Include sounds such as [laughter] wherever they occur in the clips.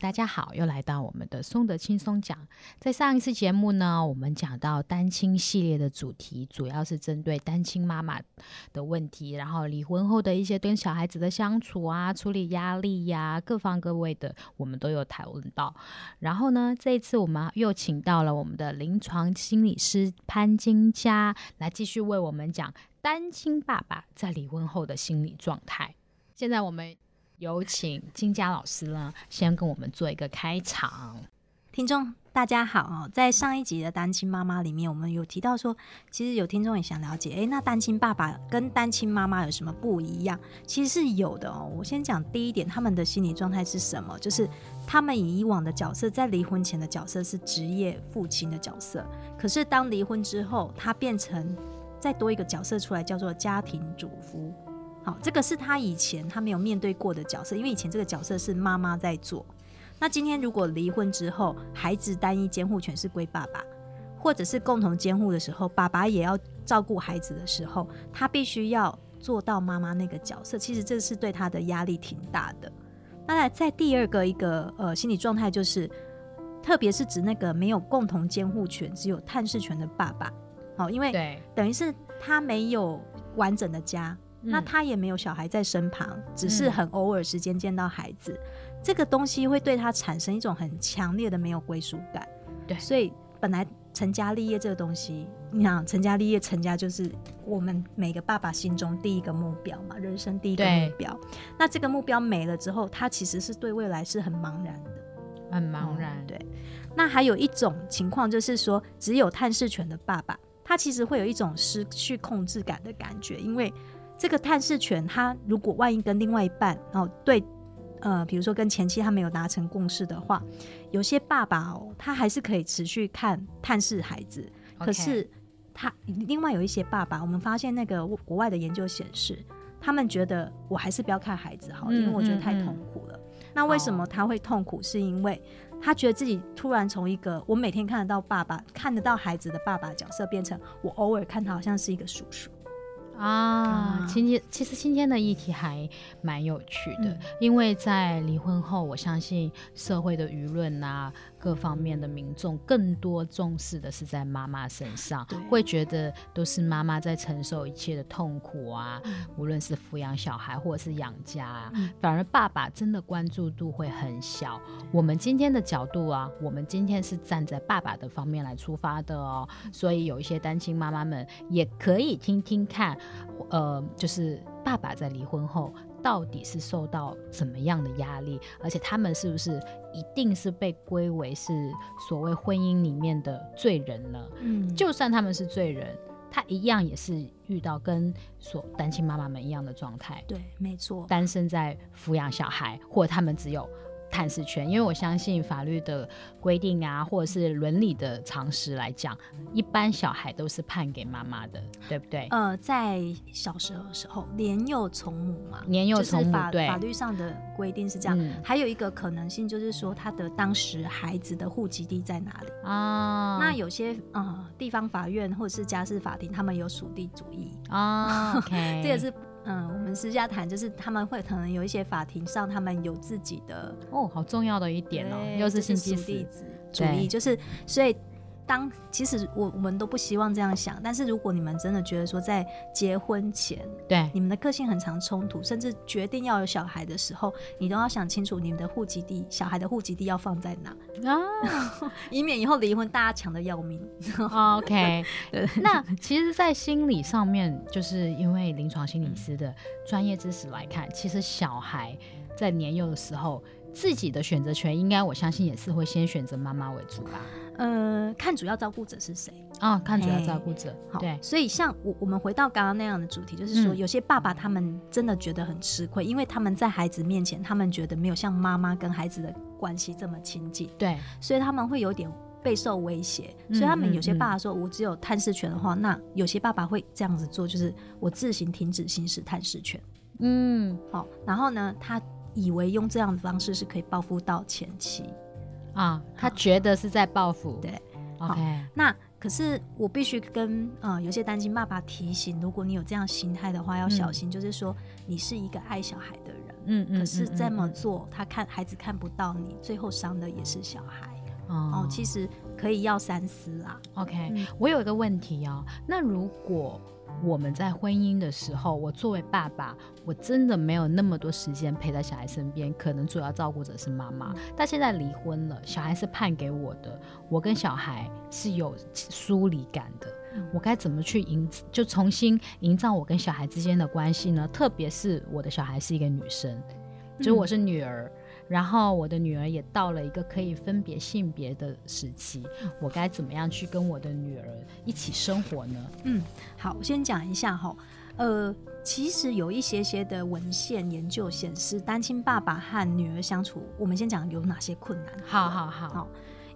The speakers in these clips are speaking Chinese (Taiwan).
大家好，又來到我們的松德輕鬆講。在上一次節目呢，我們講到單親系列的主題，主要是針對單親媽媽的問題，然後離婚後的一些跟小孩子的相處啊，處理壓力呀、啊，各方各位的，我們都有討論到。然後呢，這一次我們又請到了我們的臨床心理師潘金嘉來繼續為我們講單親爸爸在離婚後的心理狀態。現在我們。有請金嘉老師呢，先跟我們做一個開場。聽眾大家好，在上一集的單親媽媽裡面，我們有提到說，其實有聽眾也想了解，誒，那單親爸爸跟單親媽媽有什麼不一樣？其實是有的哦。我先講第一點，他們的心理狀態是什麼？就是他們以、以往的角色，在離婚前的角色是職業父親的角色，可是當離婚之後，他變成再多一個角色出來，叫做家庭主夫。好、哦，這個是他以前他沒有面對過的角色，因為以前這個角色是媽媽在做。那今天如果離婚之後，孩子單一監護權是歸爸爸，或者是共同監護的時候，爸爸也要照顧孩子的時候，他必須要做到媽媽那個角色。其實這是對他的壓力挺大的。那在第二個一個呃，心理狀態，就是特別是指那個沒有共同監護權，只有探視權的爸爸。好、哦，因為等於是他沒有完整的家。那他也沒有小孩在身旁，嗯、只是很偶爾時間見到孩子，嗯、這個東西會對他產生一種很強烈的沒有歸屬感。對，所以本來成家立業這個東西，嗯、你想成家立業，成家就是我們每個爸爸心中第一個目標嘛，人生第一個目標。對。那這個目標沒了之後，他其實是對未來是很茫然的，很茫然、嗯。對。那還有一種情況就是說，只有探視權的爸爸，他其實會有一種失去控制感的感覺，因為。這個探視權，他如果萬一跟另外一半哦對，呃，比如說跟前妻他沒有達成共識的話，有些爸爸哦，他還是可以持續看探視孩子。可是他另外有一些爸爸，我們發現那個國外的研究顯示，他們覺得我還是不要看孩子好，因為我覺得太痛苦了。那為什麼他會痛苦？是因為他覺得自己突然從一個我每天看得到爸爸、看得到孩子的爸爸的角色，變成我偶爾看他好像是一個叔叔。啊，嗯、今天其實今天的議題還蠻有趣的，嗯、因為在離婚後，我相信社會的輿論吶、啊。各方面的民眾更多重視的是在媽媽身上，對會覺得都是媽媽在承受一切的痛苦啊，嗯、無論是撫養小孩或是養家啊。嗯、反而爸爸真的關注度會很小。對我們今天的角度啊，我們今天是站在爸爸的方面來出發的哦。嗯、所以有一些單親媽媽們也可以聽聽看，呃，就是爸爸在離婚後。到底是受到怎麼樣的壓力？而且他們是不是一定是被歸為是所謂婚姻裡面的罪人呢？嗯，就算他們是罪人，他一樣也是遇到跟所單親媽媽們一樣的狀態。對，沒錯，單身在撫養小孩，或者他們只有。探視權，因為我相信法律的規定啊，或者是倫理的常識來講，一般小孩都是判給媽媽的，對不對？呃，在小時候時候，年幼從母嘛，年幼從母，法對法律上的規定是這樣。嗯、還有一個可能性就是說，他的當時孩子的戶籍地在哪裡啊？哦、那有些啊、呃、地方法院或者是家事法庭，他們有屬地主義啊，哦 okay、 [laughs] 這也是。嗯，我們私下談，就是他們會可能有一些法庭上，他們有自己的哦，好重要的一點哦、喔，對又是信心，主義對就是所以。當其實我我們都不希望這樣想，但是如果你們真的覺得說，在結婚前，對你們的個性很常衝突，甚至決定要有小孩的時候，你都要想清楚你們的戶籍地，小孩的戶籍地要放在哪啊，以免以後離婚大家搶得要命。OK， [laughs] 那 [laughs] 其實，在心理上面，就是因為臨床心理師的專業知識來看，其實小孩在年幼的時候。自己的選擇權，應該我相信也是會先選擇媽媽為主吧、嗯。呃，看主要照顧者是誰啊、哦？看主要照顧者。欸、對好，所以像我，我們回到剛剛那樣的主題，嗯、就是說，有些爸爸他們真的覺得很吃虧，因為他們在孩子面前，他們覺得沒有像媽媽跟孩子的關係這麼親近。對。所以他們會有點備受威脅，嗯、所以他們有些爸爸說：“我只有探視權的話，嗯嗯、那有些爸爸會這樣子做，就是我自行停止行使探視權。”嗯，好。然後呢，他。以為用這樣的方式是可以報復到前妻，啊，他覺得是在報復。啊、對，OK、啊。那可是我必須跟呃有些單親爸爸提醒，如果你有這樣心態的話，要小心。嗯、就是說，你是一個愛小孩的人，嗯，嗯可是這麼做，他看孩子看不到你，最後傷的也是小孩。哦、嗯啊，其實可以要三思啊。OK，我有一個問題哦，那如果。我們在婚姻的時候，我作為爸爸，我真的沒有那麼多時間陪在小孩身邊，可能主要照顧者是媽媽。但現在離婚了，小孩是判給我的，我跟小孩是有疏離感的，我該怎麼去營，就重新營造我跟小孩之間的關係呢？特別是我的小孩是一個女生，就是我是女兒。嗯然後我的女兒也到了一個可以分別性別的時期，我該怎麼樣去跟我的女兒一起生活呢？嗯，好，我先講一下哈，呃，其實有一些些的文獻研究顯示，單親爸爸和女兒相處，我們先講有哪些困難。好好好，好，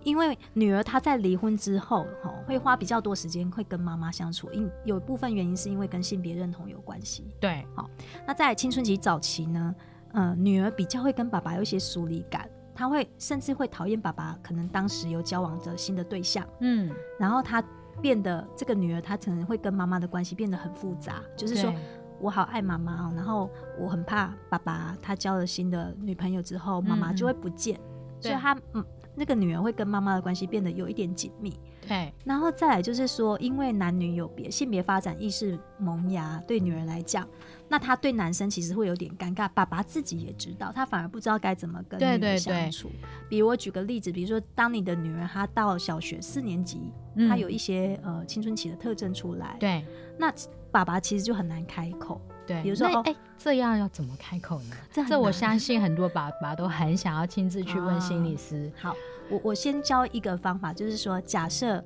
因為女兒她在離婚之後哈，會花比較多時間會跟媽媽相處，因有部分原因是因為跟性別認同有關係。對，好，那在青春期早期呢？嗯、呃，女兒比較會跟爸爸有一些疏離感，她會甚至會討厭爸爸，可能當時有交往着新的對象，嗯，然後她變得這個女兒，她可能會跟媽媽的關係變得很複雜，對就是說我好愛媽媽，然後我很怕爸爸他交了新的女朋友之後，媽媽、嗯、就會不見，對所以她、嗯、那個女兒會跟媽媽的關係變得有一點緊密。對，然後再來就是說，因為男女有別，性別發展意識萌芽，對女人來講，那她對男生其實會有點尷尬。爸爸自己也知道，他反而不知道該怎麼跟你們相處。對對對。比如我舉個例子，比如說當你的女兒她到小學四年級，嗯、她有一些呃青春期的特徵出來，對，那爸爸其實就很難開口。對，比如說哎那、哦，這樣要怎麼開口呢？這，很這我相信很多爸爸都很想要親自去問心理師。哦、好，我我先教一個方法，就是說，假設，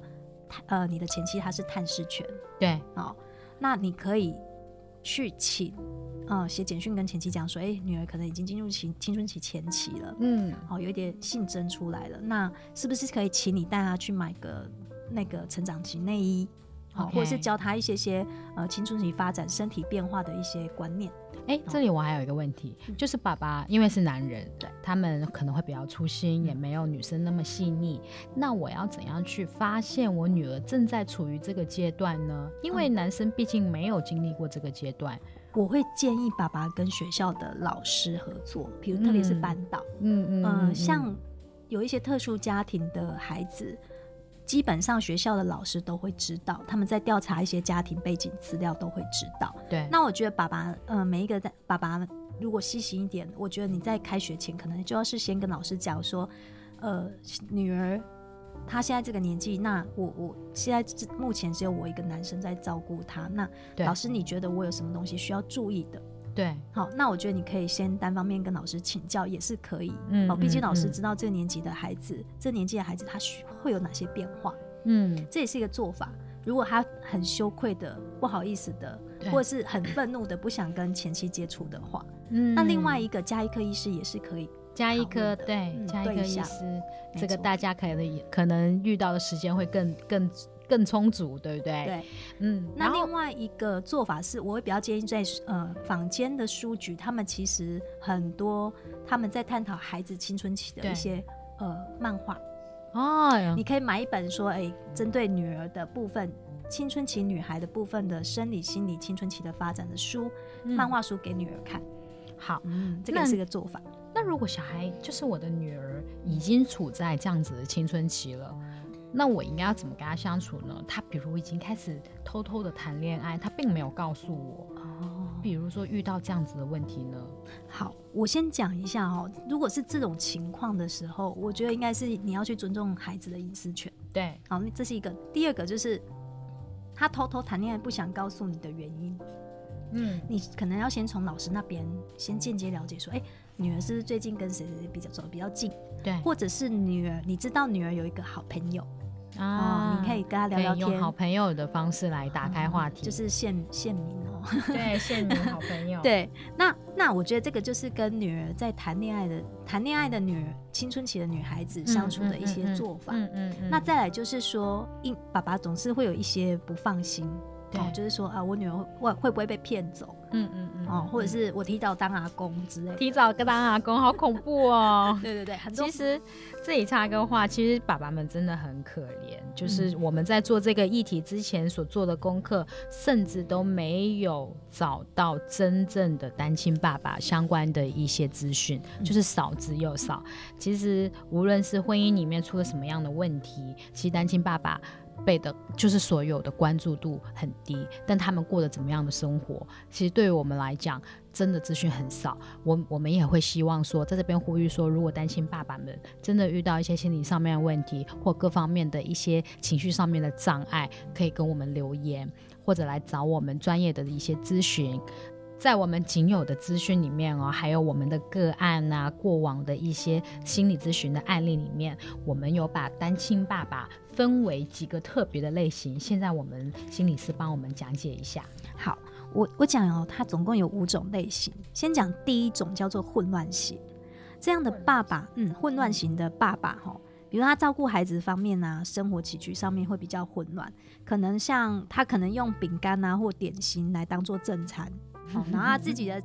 呃，你的前妻她是探視權，對，哦，那你可以去請，嗯、呃，寫簡訊跟前妻講說，哎，女兒可能已經進入青青春期前期了，嗯，哦，有一點性徵出來了，那是不是可以請你帶她去買個那個成長期內衣？好，Okay. 或是教他一些些呃青春期發展、身體變化的一些觀念。欸、這裡我還有一個問題，嗯、就是爸爸因為是男人，對、嗯，他們可能會比較粗心，嗯、也沒有女生那麼細膩。那我要怎樣去發現我女兒正在處於這個階段呢？因為男生畢竟沒有經歷過這個階段、嗯，我會建議爸爸跟學校的老師合作，比如特別是班導，嗯嗯，像有一些特殊家庭的孩子。基本上學校的老師都會知道，他們在調查一些家庭背景資料都會知道。對，那我覺得爸爸，呃，每一個在爸爸如果細心一點，我覺得你在開學前可能就要事先跟老師講說，呃，女兒她現在這個年紀，那我我現在目前只有我一個男生在照顧她，那對老師你覺得我有什麼東西需要注意的？對，好，那我覺得你可以先單方面跟老師請教也是可以，嗯，哦，畢竟老師知道這個年紀的孩子，這年紀的孩子他會有哪些變化，嗯，這也是一個做法。如果他很羞愧的、不好意思的，或是很憤怒的、不想跟前妻接觸的話，嗯，那另外一個加一科醫師也是可以，加一科，對，加一科醫師，這個大家可能可能遇到的時間會更更。更充足，對不對？對，嗯。那另外一個做法是，後我會比較建議在呃坊間的書局，他們其實很多他們在探討孩子青春期的一些對呃漫畫哦，哎、呀你可以買一本說哎針對女兒的部分，青春期女孩的部分的生理心理青春期的發展的書、嗯、漫畫書給女兒看，好、嗯，這個也是一個做法那。那如果小孩就是我的女兒已經處在這樣子的青春期了。那我應該要怎麼跟他相處呢？他比如已經開始偷偷的談戀愛，他並沒有告訴我。哦，比如說遇到這樣子的問題呢？好，我先講一下哈，哦。如果是這種情況的時候，我覺得應該是你要去尊重孩子的隱私權。對，好，這是一個。第二個就是，他偷偷談戀愛不想告訴你的原因。嗯，你可能要先從老師那邊先間接了解說，哎，欸。女兒是不是最近跟誰比較走的比較近？對，或者是女兒，你知道女兒有一個好朋友啊、喔，你可以跟她聊聊天，用好朋友的方式來打開話題，嗯、就是現現名哦、喔。對，現名好朋友。 [laughs] 對，那那我覺得這個就是跟女兒在談戀愛的談戀愛的女兒，青春期的女孩子相處的一些做法。嗯嗯，嗯，嗯，嗯，嗯，嗯。那再來就是說，爸爸爸總是會有一些不放心。哦，就是說啊，我女兒會會不會被騙走？嗯嗯嗯。嗯嗯哦，或者是我提早當阿公之類的。提早跟當阿公，好恐怖哦！ [laughs] 對對對，很多其實這裡插一個話，嗯、其實爸爸們真的很可憐，就是我們在做這個議題之前所做的功課，嗯、甚至都沒有找到真正的單親爸爸相關的一些資訊，嗯、就是少之又少。嗯、其實無論是婚姻裡面出了什麼樣的問題，嗯、其實單親爸爸。被的就是所有的關注度很低，但他們過得怎麼樣的生活，其實對於我們來講，真的資訊很少。我我們也會希望說，在這邊呼籲說，如果擔心爸爸們真的遇到一些心理上面的問題，或各方面的一些情緒上面的障礙，可以跟我們留言，或者來找我們專業的一些諮詢。在我們僅有的資訊裡面哦，還有我們的個案啊，過往的一些心理諮詢的案例裡面，我們有把單親爸爸分為幾個特別的類型。現在我們心理師幫我們講解一下。好，我我講哦，他總共有五種類型。先講第一種叫做混亂型，這樣的爸爸，嗯，混亂型的爸爸，喔，比如他照顧孩子方面啊，生活起居上面會比較混亂，可能像他可能用餅乾啊或點心來當做正餐。 [laughs] 然後他自己的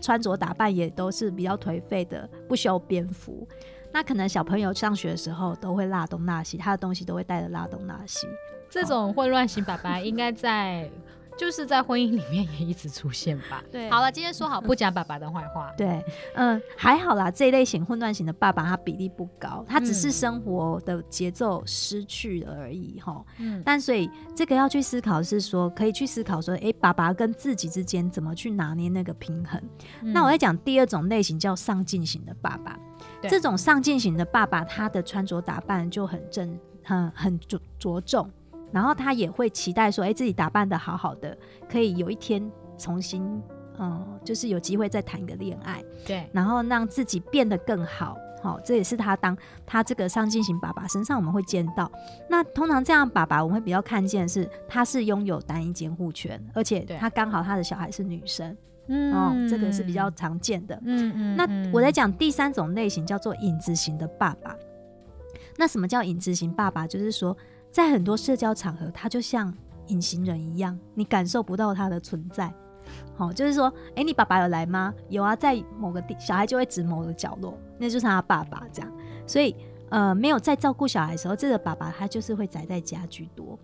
穿着打扮也都是比較頹廢的，不修邊幅。那可能小朋友上學的時候都會拉東拉西，他的東西都會帶着拉東拉西。這種混亂型爸爸應該在。 [laughs] 就是在婚姻裡面也一直出現吧。對，好了，今天說好不講爸爸的壞話，嗯。對，嗯，還好啦，這一類型混亂型的爸爸，他比例不高，他只是生活的節奏失去了而已哈。嗯。但所以這個要去思考，是說可以去思考說，哎、欸，爸爸跟自己之間怎麼去拿捏那個平衡嗯、那我在講第二種類型叫上進型的爸爸，對這種上進型的爸爸，他的穿着打扮就很正，很很着着重。然後他也會期待說，哎，自己打扮得好好的，可以有一天重新，嗯，就是有機會再談一個戀愛，對，然後讓自己變得更好，好、哦，這也是他當他這個上進型爸爸身上我們會見到。那通常這樣爸爸，我們會比較看見是他是擁有單一監護權，而且他剛好他的小孩是女生，嗯對、哦，這個是比較常見的。嗯嗯。嗯嗯，那我在講第三種類型叫做影子型的爸爸。那什麼叫影子型爸爸？就是說。在很多社交場合，他就像隱形人一樣，你感受不到他的存在。好、哦，就是說，誒，你爸爸有來嗎？有啊，在某個地，小孩就會指某個角落，那就是他爸爸這樣。所以，呃，沒有在照顧小孩的時候，這個爸爸他就是會宅在家居多。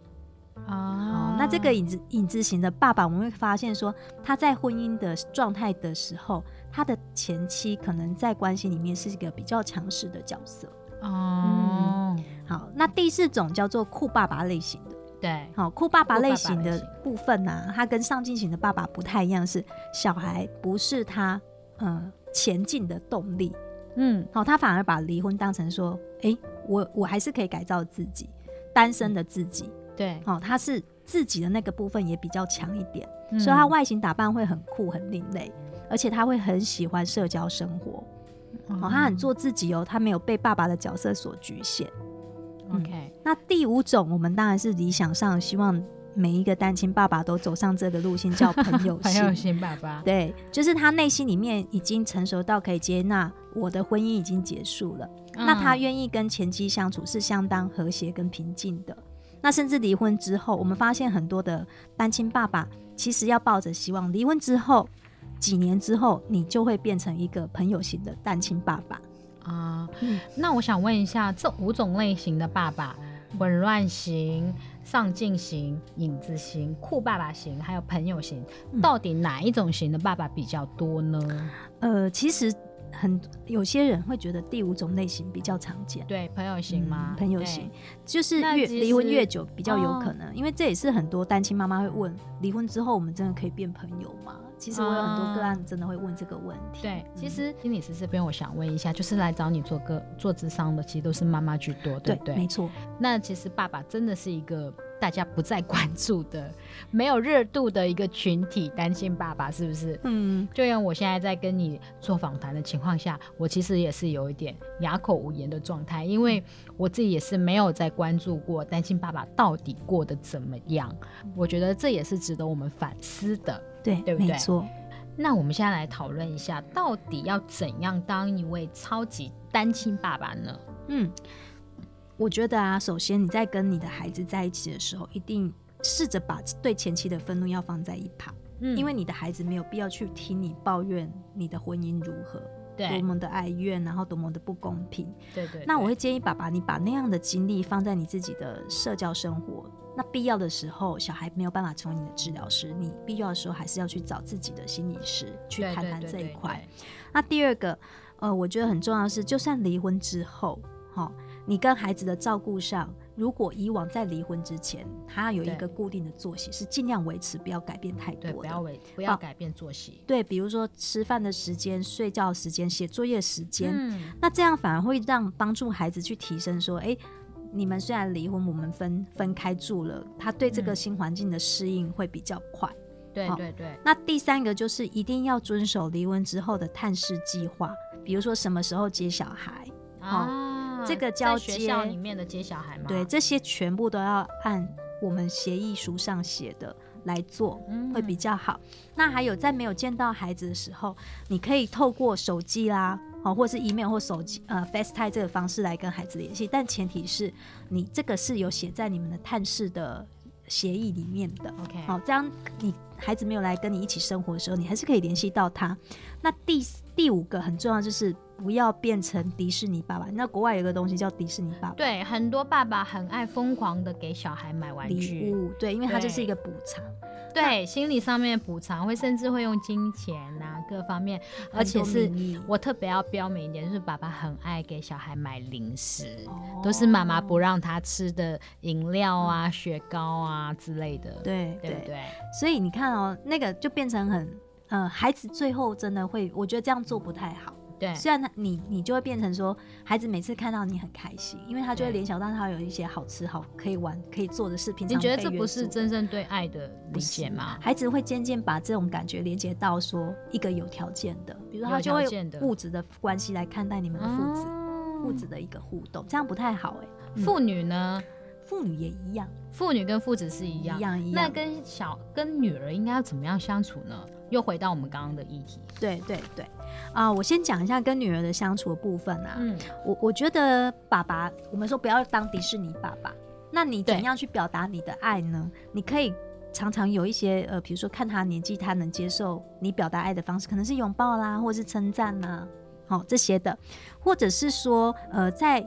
哦。Oh. 那這個影子影子型的爸爸，我們會發現說，他在婚姻的狀態的時候，他的前妻可能在關係裡面是一個比較強勢的角色。哦、oh. 嗯。好，那第四種叫做酷爸爸類型的，對，好、哦、酷爸爸類型的部分呢、啊，爸爸他跟上進型的爸爸不太一樣，是小孩不是他，嗯、呃，前進的動力，嗯，好、哦，他反而把離婚當成說，誒、欸，我我還是可以改造自己，單身的自己，嗯、對，哦，他是自己的那個部分也比較強一點，嗯、所以他外形打扮會很酷很另類，而且他會很喜歡社交生活，好、嗯哦，他很做自己哦，他沒有被爸爸的角色所局限。Okay. 嗯、那第五種，我們當然是理想上希望每一個單親爸爸都走上這個路線，叫朋友型 [laughs] 爸爸。對，就是他內心裡面已經成熟到可以接納我的婚姻已經結束了，嗯、那他願意跟前妻相處是相當和諧跟平靜的。那甚至離婚之後，我們發現很多的單親爸爸其實要抱着希望，離婚之後幾年之後，你就會變成一個朋友型的單親爸爸。啊，那我想問一下，這五種類型的爸爸，混亂型、上進型、影子型、酷爸爸型，還有朋友型，到底哪一種型的爸爸比較多呢？嗯、呃，其實很有些人會覺得第五種類型比較常見，對朋友型嗎？嗯、朋友型對就是越離婚越久比較有可能，哦、因為這也是很多單親媽媽會問，離婚之後我們真的可以變朋友嗎？其實我有很多個案，真的會問這個問題。嗯、對，其實心、嗯、理師這邊，我想問一下，就是來找你做個做諮商的，其實都是媽媽居多，對不對？對，沒錯。那其實爸爸真的是一個大家不再關注的、沒有熱度的一個群體——單親爸爸，是不是？嗯，就像我現在在跟你做訪談的情況下，我其實也是有一點啞口無言的狀態，因為我自己也是沒有在關注過單親爸爸到底過得怎麼樣。嗯，我覺得這也是值得我們反思的，對，對不對？沒錯。那我們現在來討論一下，到底要怎樣當一位超級單親爸爸呢？嗯。我覺得啊，首先你在跟你的孩子在一起的時候，一定試着把對前妻的憤怒要放在一旁，嗯，因為你的孩子沒有必要去聽你抱怨你的婚姻如何，對，多麼的哀怨，然後多麼的不公平，對對。對對，那我會建議爸爸，你把那樣的精力放在你自己的社交生活。那必要的時候，小孩沒有辦法成為你的治療師，你必要的時候還是要去找自己的心理師去談談這一塊。那第二個，呃，我覺得很重要的是，就算離婚之後，哈。你跟孩子的照顧上，如果以往在離婚之前，他有一個固定的作息，對是盡量維持，不要改變太多，不要維，不要改變作息，哦。對，比如說吃飯的時間、睡覺時間、寫作業時間，嗯、那這樣反而會讓幫助孩子去提升。說，哎，你們雖然離婚，我們分分開住了，他對這個新環境的適應會比較快。對對、嗯、對。那第三個就是一定要遵守離婚之後的探視計劃，比如說什麼時候接小孩啊。哦這個教學校裡面的接小孩嗎？對，這些全部都要按我們協議書上寫的來做，會比較好。嗯，那還有在沒有見到孩子的時候，嗯，你可以透過手機啦，哦，或者是 email 或手機呃，FaceTime Okay. 這個方式來跟孩子聯繫，但前提是你這個是有寫在你們的探視的協議裡面的。OK，好，這樣你孩子沒有來跟你一起生活的時候，你還是可以聯繫到他。那第第五個很重要就是。不要變成迪士尼爸爸。那國外有個東西叫迪士尼爸爸，對，很多爸爸很愛瘋狂的給小孩買玩具，對，因為它這是一個補償，對，那對，心理上面補償，會甚至會用金錢啊各方面，而且是我特別要標明一點，就是爸爸很愛給小孩買零食，哦、都是媽媽不讓他吃的飲料啊、嗯、雪糕啊之類的，對，對對，對？所以你看哦，那個就變成很，嗯、呃，孩子最後真的會，我覺得這樣做不太好。對，雖然他你你就會變成說，孩子每次看到你很開心，因為他就會聯想到他有一些好吃好可以玩可以做的事，的你覺得這不是真正對愛的理解嗎？孩子會漸漸把這種感覺連接到說一個有條件的，件的比如他就會物質的關係來看待你們的父子、嗯、父子的一個互動，這樣不太好哎、欸。嗯、父女呢？父女也一樣，父女跟父子是一樣一樣，一樣。那跟小跟女兒應該要怎麼樣相處呢？又回到我們剛剛的議題，對對對，啊、呃，我先講一下跟女兒的相處的部分啊，嗯，我我覺得爸爸，我們說不要當迪士尼爸爸，那你怎樣去表達你的愛呢？對你可以常常有一些呃，比如說看他年紀，他能接受你表達愛的方式，可能是擁抱啦，或是稱讚啦，好、哦、這些的，或者是說呃，在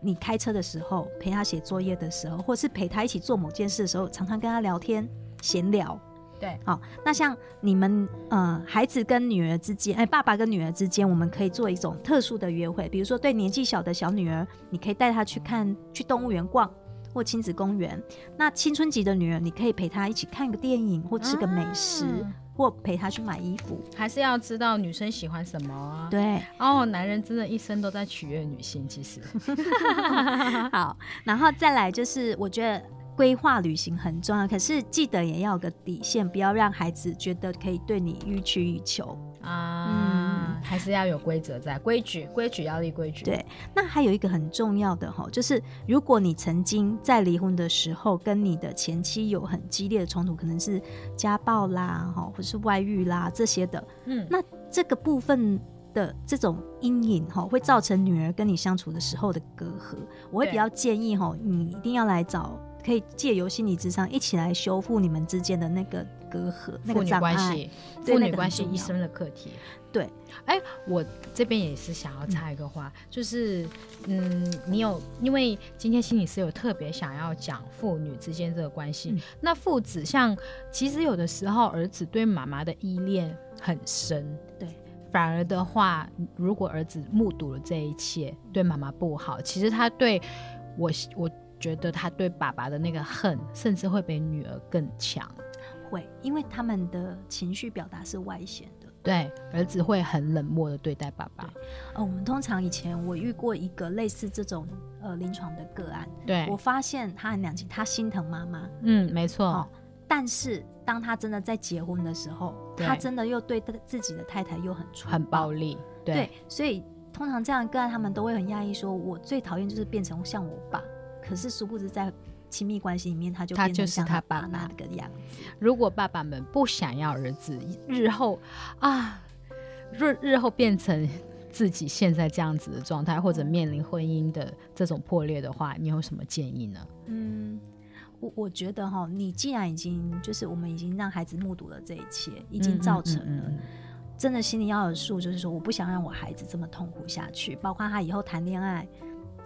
你開車的時候，陪他寫作業的時候，或是陪他一起做某件事的時候，常常跟他聊天閒聊。對，好，那像你們，呃，孩子跟女兒之間，哎，爸爸跟女兒之間，我們可以做一種特殊的約會，比如說對年紀小的小女兒，你可以帶她去看去動物園逛，或親子公園；那青春期的女兒，你可以陪她一起看個電影，或吃個美食，嗯、或陪她去買衣服。還是要知道女生喜歡什麼、啊。對，哦，男人真的一生都在取悅女性，其實。 [laughs] [laughs] 好，然後再來就是，我覺得。規劃旅行很重要，可是記得也要有個底線，不要讓孩子覺得可以對你予取予求,求啊。嗯，還是要有規則在，規矩規矩要立規矩。矩矩對，那還有一個很重要的，就是如果你曾經在離婚的時候跟你的前妻有很激烈的衝突，可能是家暴啦，或是外遇啦這些的，嗯，那這個部分的這種陰影會造成女兒跟你相處的時候的隔閡。我會比較建議對你一定要來找。可以借由心理諮商一起來修復你們之間的那個隔閡、那個障礙，對父女關係一生的課題。對，哎，我這邊也是想要插一個話，嗯、就是，嗯，你有因為今天心理師有特別想要講父女之間這個關係。嗯、那父子像，其實有的時候兒子對媽媽的依戀很深，對，反而的話，如果兒子目睹了這一切，對媽媽不好，其實他對我我。覺得他對爸爸的那個恨，甚至會比女兒更強。會，因為他們的情緒表達是外顯的。對,對，兒子會很冷漠的對待爸爸。呃、哦，我們通常以前我遇過一個類似這種呃臨床的個案。對。我發現他很兩極，他心疼媽媽。嗯，沒錯。但是當他真的在結婚的時候，對他真的又對自己的太太又很很暴力。對,對。所以通常這樣的個案，他們都會很壓抑說，說我最討厭就是變成像我爸。可是，殊不知在親密關係裡面，他就變成像他爸爸的，他就是他爸那個樣子。如果爸爸們不想要兒子日後啊，日日後變成自己現在這樣子的狀態，或者面臨婚姻的這種破裂的話，你有什麼建議呢？嗯，我我覺得哈、哦，你既然已經就是我們已經讓孩子目睹了這一切，已經造成了，嗯嗯嗯、真的心裡要有數，就是說，我不想讓我孩子這麼痛苦下去，包括他以後談戀愛。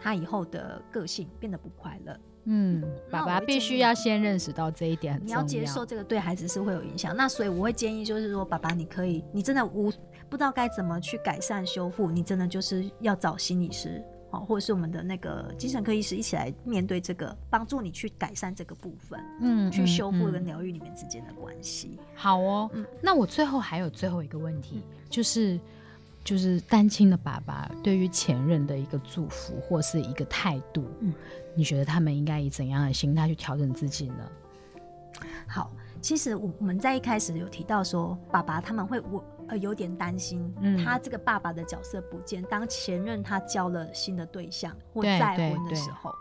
他以後的個性變得不快樂，嗯，爸爸必須要先認識到這一點，你要接受這個對孩子是會有影響。那所以我會建議，就是說，爸爸你可以，你真的無不知道該怎麼去改善修復，你真的就是要找心理師好，或者是我們的那個精神科醫師一起來面對這個，幫助你去改善這個部分，嗯，嗯嗯去修復跟療癒裡面之間的關係。好哦，嗯、那我最後還有最後一個問題，嗯、就是。就是單親的爸爸對於前任的一個祝福或是一個態度，嗯，你覺得他們應該以怎樣的心態去調整自己呢？好，其實我們在一開始有提到說，爸爸他們會我呃有點擔心，嗯，他這個爸爸的角色不見，當前任他交了新的對象或再婚的時候，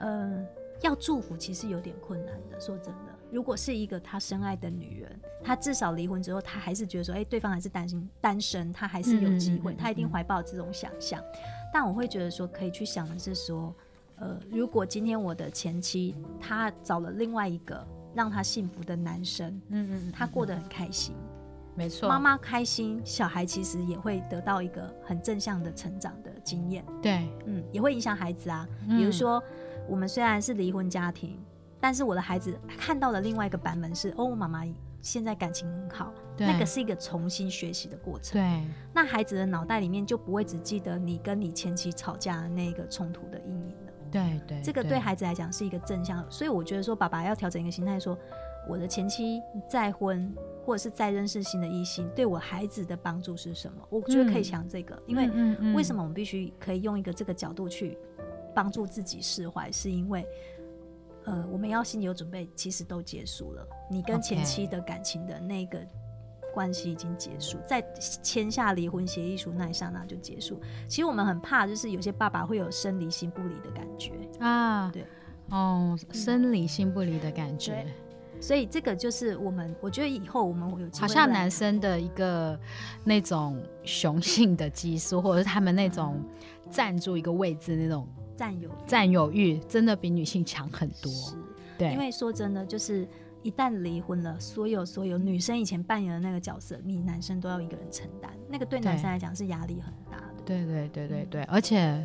嗯。要祝福其實有點困難的，說真的，如果是一個他深愛的女人，他至少離婚之後，他還是覺得說，誒、欸，對方還是單身，單身他還是有機會，嗯嗯嗯嗯，他一定懷抱這種想象。嗯嗯嗯，但我會覺得說，可以去想的是說，呃，如果今天我的前妻她找了另外一個讓她幸福的男生，嗯嗯，嗯，嗯嗯，她過得很開心，沒錯，媽媽開心，小孩其實也會得到一個很正向的成長的經驗，對，嗯，也會影響孩子啊，嗯、比如說。我們雖然是離婚家庭，但是我的孩子看到的另外一個版本是：哦，我媽媽現在感情很好。對，那個是一個重新學習的過程。對，那孩子的腦袋裡面就不會只記得你跟你前妻吵架的那個衝突的陰影了。對對，對對，這個對孩子來講是一個正向。所以我覺得說，爸爸要調整一個心態說，說我的前妻再婚，或者是再認識新的異性，對我孩子的幫助是什麼？我覺得可以想這個，嗯，因為為什麼我們必須可以用一個這個角度去？幫助自己釋懷，是因為，呃，我們要心裡有準備，其實都結束了。你跟前妻的感情的那個關係已經結束，Okay. 在簽下離婚協議書那一剎那就結束。其實我們很怕，就是有些爸爸會有生離心不離的感覺啊。對，哦，生離心不離的感覺、嗯。所以這個就是我們，我覺得以後我們有會有，好像男生的一個那種雄性的激素，或者是他們那種站住一個位置那種。佔有佔有欲真的比女性強很多，是對，因為說真的，就是一旦離婚了，所有所有女生以前扮演的那個角色，你男生都要一個人承擔，那個對男生來講是壓力很大的，對對對對對，嗯、而且。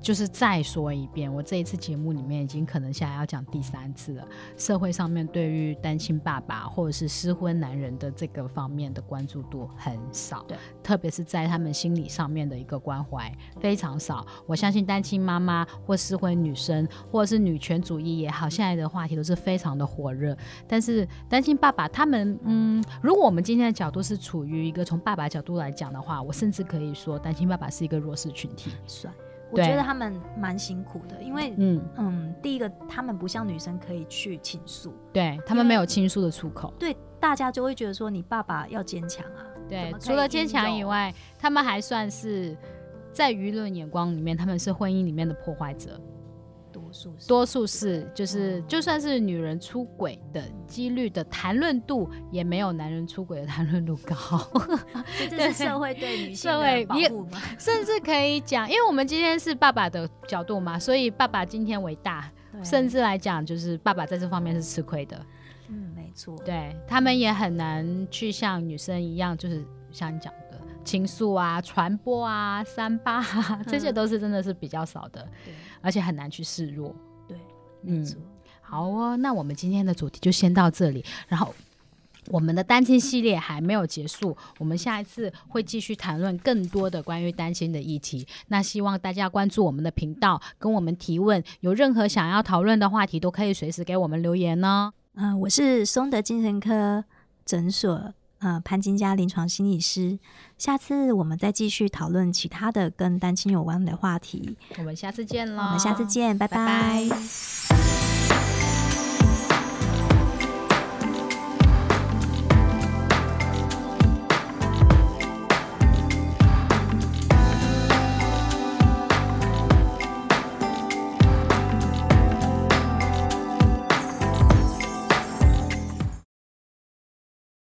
就是再說一遍，我這一次節目裡面已經可能現在要講第三次了。社會上面對於單親爸爸或者是失婚男人的這個方面的關注度很少，對，特別是在他們心理上面的一個關懷非常少。我相信單親媽媽或失婚女生或者是女權主義也好，現在的話題都是非常的火熱。但是單親爸爸他們，嗯，如果我們今天的角度是處於一個從爸爸角度來講的話，我甚至可以說單親爸爸是一個弱勢群體，算。對我覺得他們蠻辛苦的，因為嗯嗯，第一個他們不像女生可以去傾訴，對他們沒有傾訴的出口，對，對，大家就會覺得說你爸爸要堅強啊，對，除了堅強以外，他們還算是在輿論眼光裡面，他們是婚姻裡面的破壞者。多數是、是，對就是、嗯、就算是女人出軌的幾率的談論度，也沒有男人出軌的談論度高。 [laughs] 這是社會對女性的保護嗎？甚至可以講，因為我們今天是爸爸的角度嘛，所以爸爸今天偉大。對甚至來講，就是爸爸在這方面是吃虧的。嗯，沒錯。對他們也很難去像女生一樣，就是像你講的傾訴啊、傳播啊、三八啊，這些都是真的是比較少的。嗯對而且很難去示弱，對，沒錯、嗯嗯。好哦，那我們今天的主題就先到這裡。然後，我們的單親系列還沒有結束，我們下一次會繼續談論更多的關於單親的議題。那希望大家關注我們的頻道，跟我們提問，有任何想要討論的話題都可以隨時給我們留言哦。嗯、呃，我是松德精神科診所。呃，潘金嘉臨床心理師，下次我們再繼續討論其他的跟單親有關的話題。我們下次見嘍，我們下次見，拜拜。拜拜。